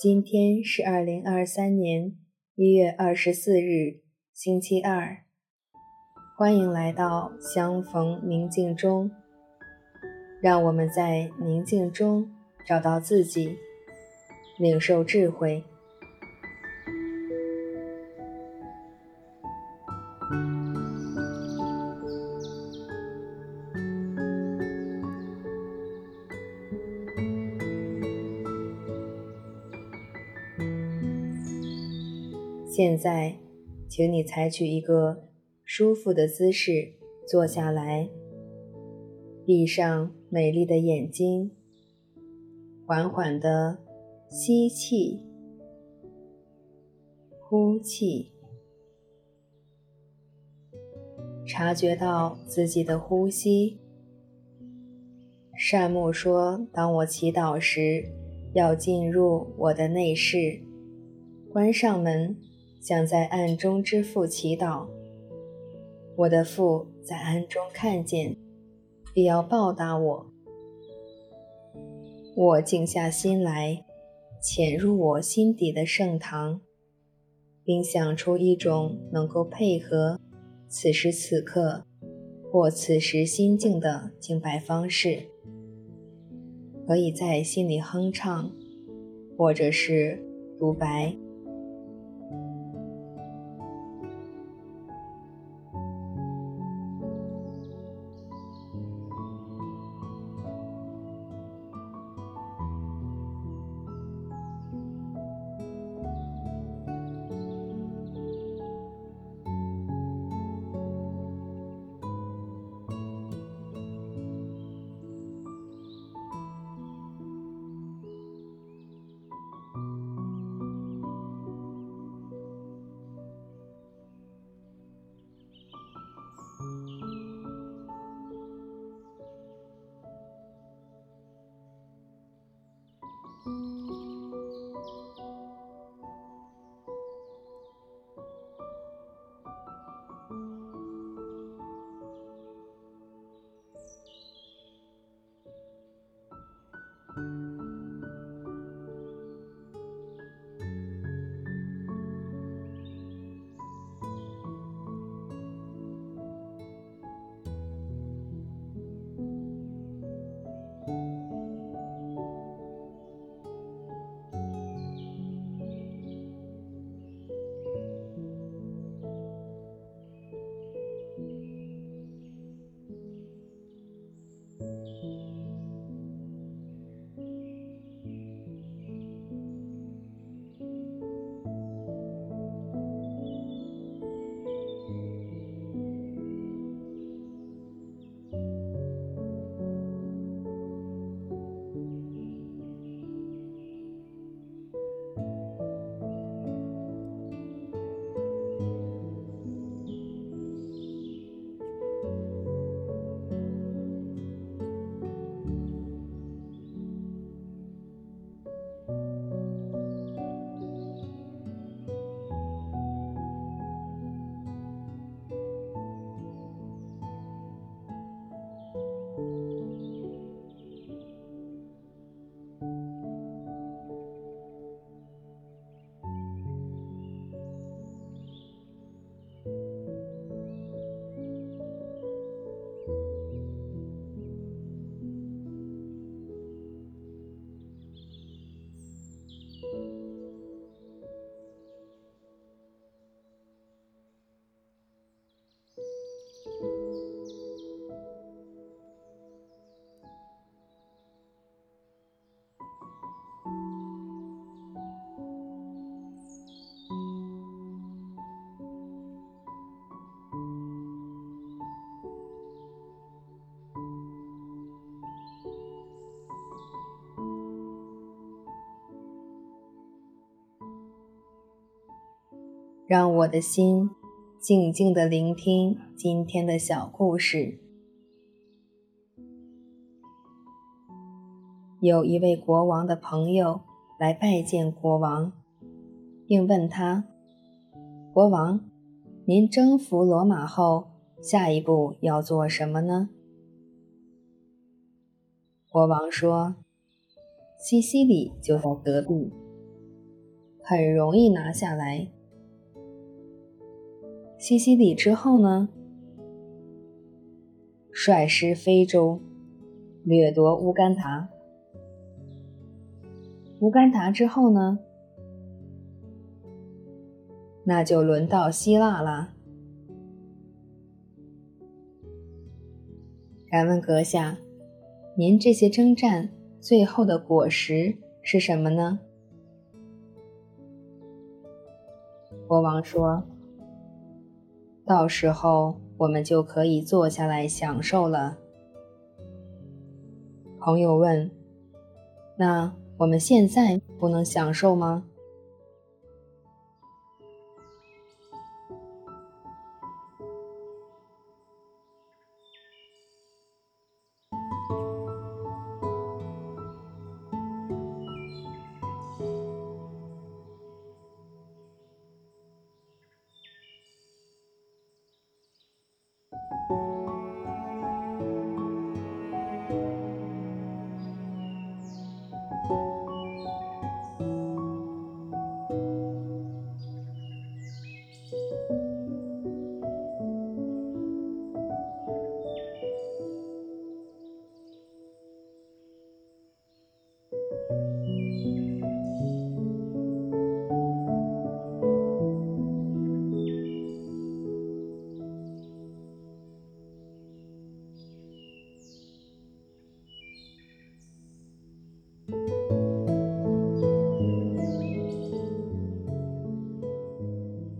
今天是二零二三年一月二十四日，星期二。歡迎來到相逢寧靜中，讓我們在寧靜中找到自己，領受智慧。現在，請你採取一個舒服的姿勢坐下來，閉上美麗的眼睛，緩緩的吸氣、呼氣，察覺到自己的呼吸。善牧說：“當我祈禱時，要進入我的內室，關上門。”向在暗中之父祈禱，我的父在暗中看見，必要報答我。我靜下心來，潛入我心底的聖堂，並想出一種能夠配合此時此刻或此時心境的敬拜方式，可以在心裡哼唱，或者是獨白。讓我的心靜靜的聆聽今天的小故事。有一位國王的朋友來拜見國王，並問他：“國王，您征服羅馬後，下一步要做什麼呢？”國王說：“西西里就在隔壁，很容易拿下來。”西西里之後呢？率師非洲，掠奪烏干達。烏干達之後呢？那就輪到希臘啦。敢問閣下，您這些征戰最後的果實是什麼呢？國王說。到時候我們就可以坐下來享受了。朋友問：“那我們現在不能享受嗎？”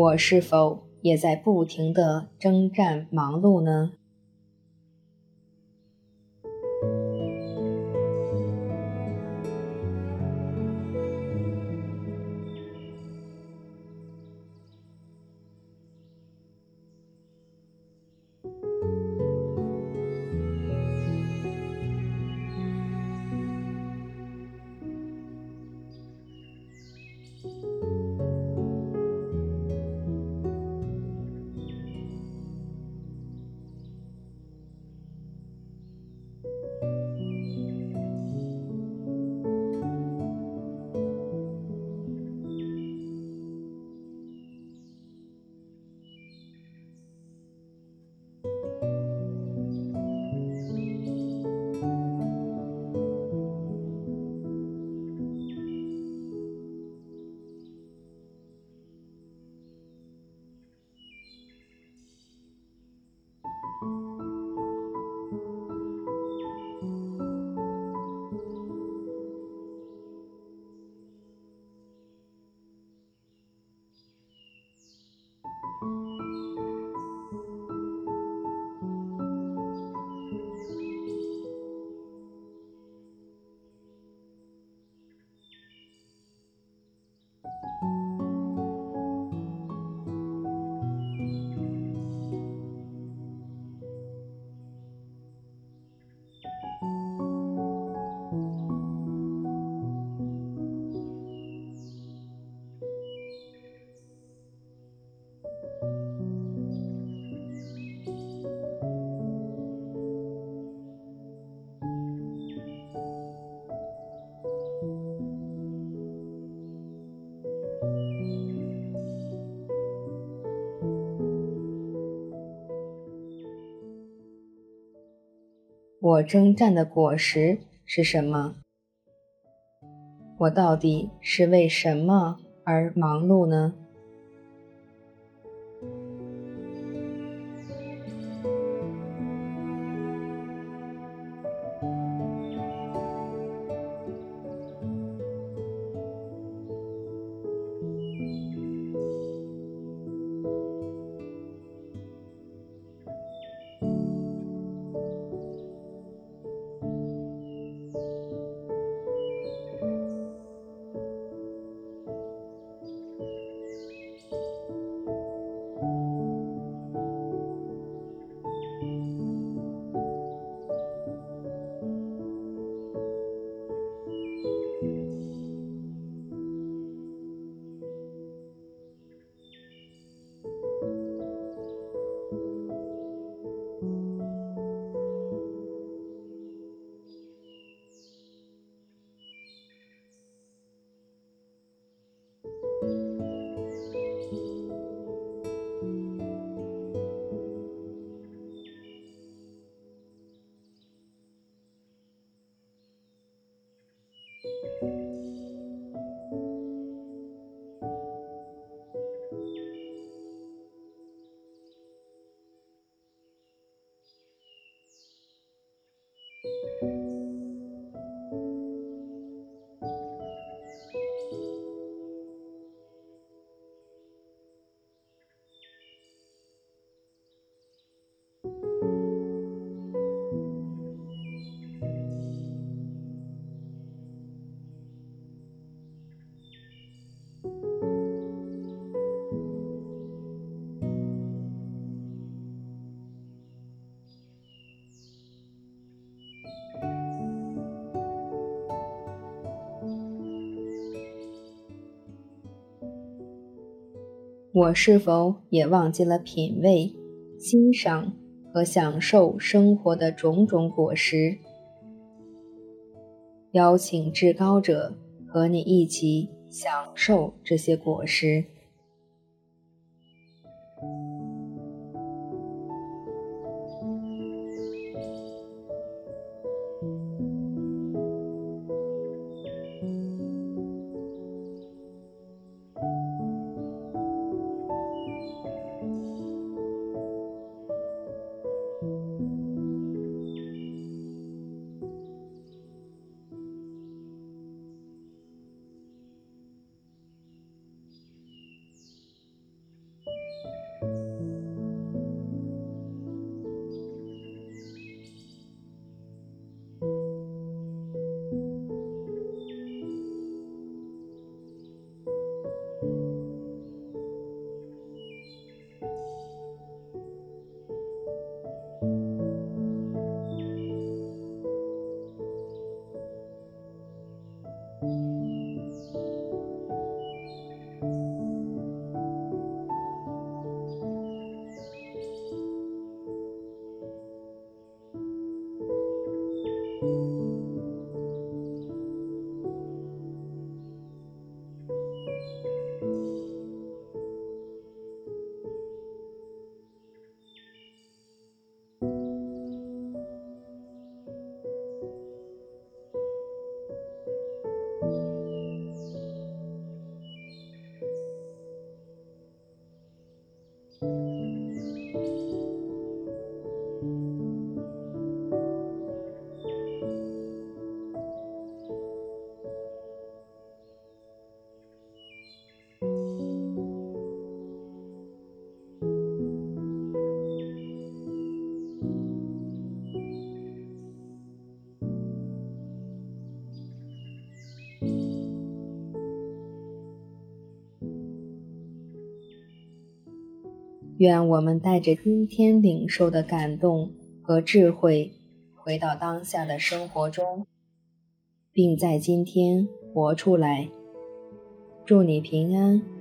我是否也在不停地征戰忙碌呢？我征戰的果實是什麼？我到底是為什麼而忙碌呢？我是否也忘記了品味、欣賞和享受生活的種種果實？邀請至高者和你一起享受這些果實。願我們帶着今天領受的感動和智慧，回到當下的生活中，並在今天活出來。祝你平安。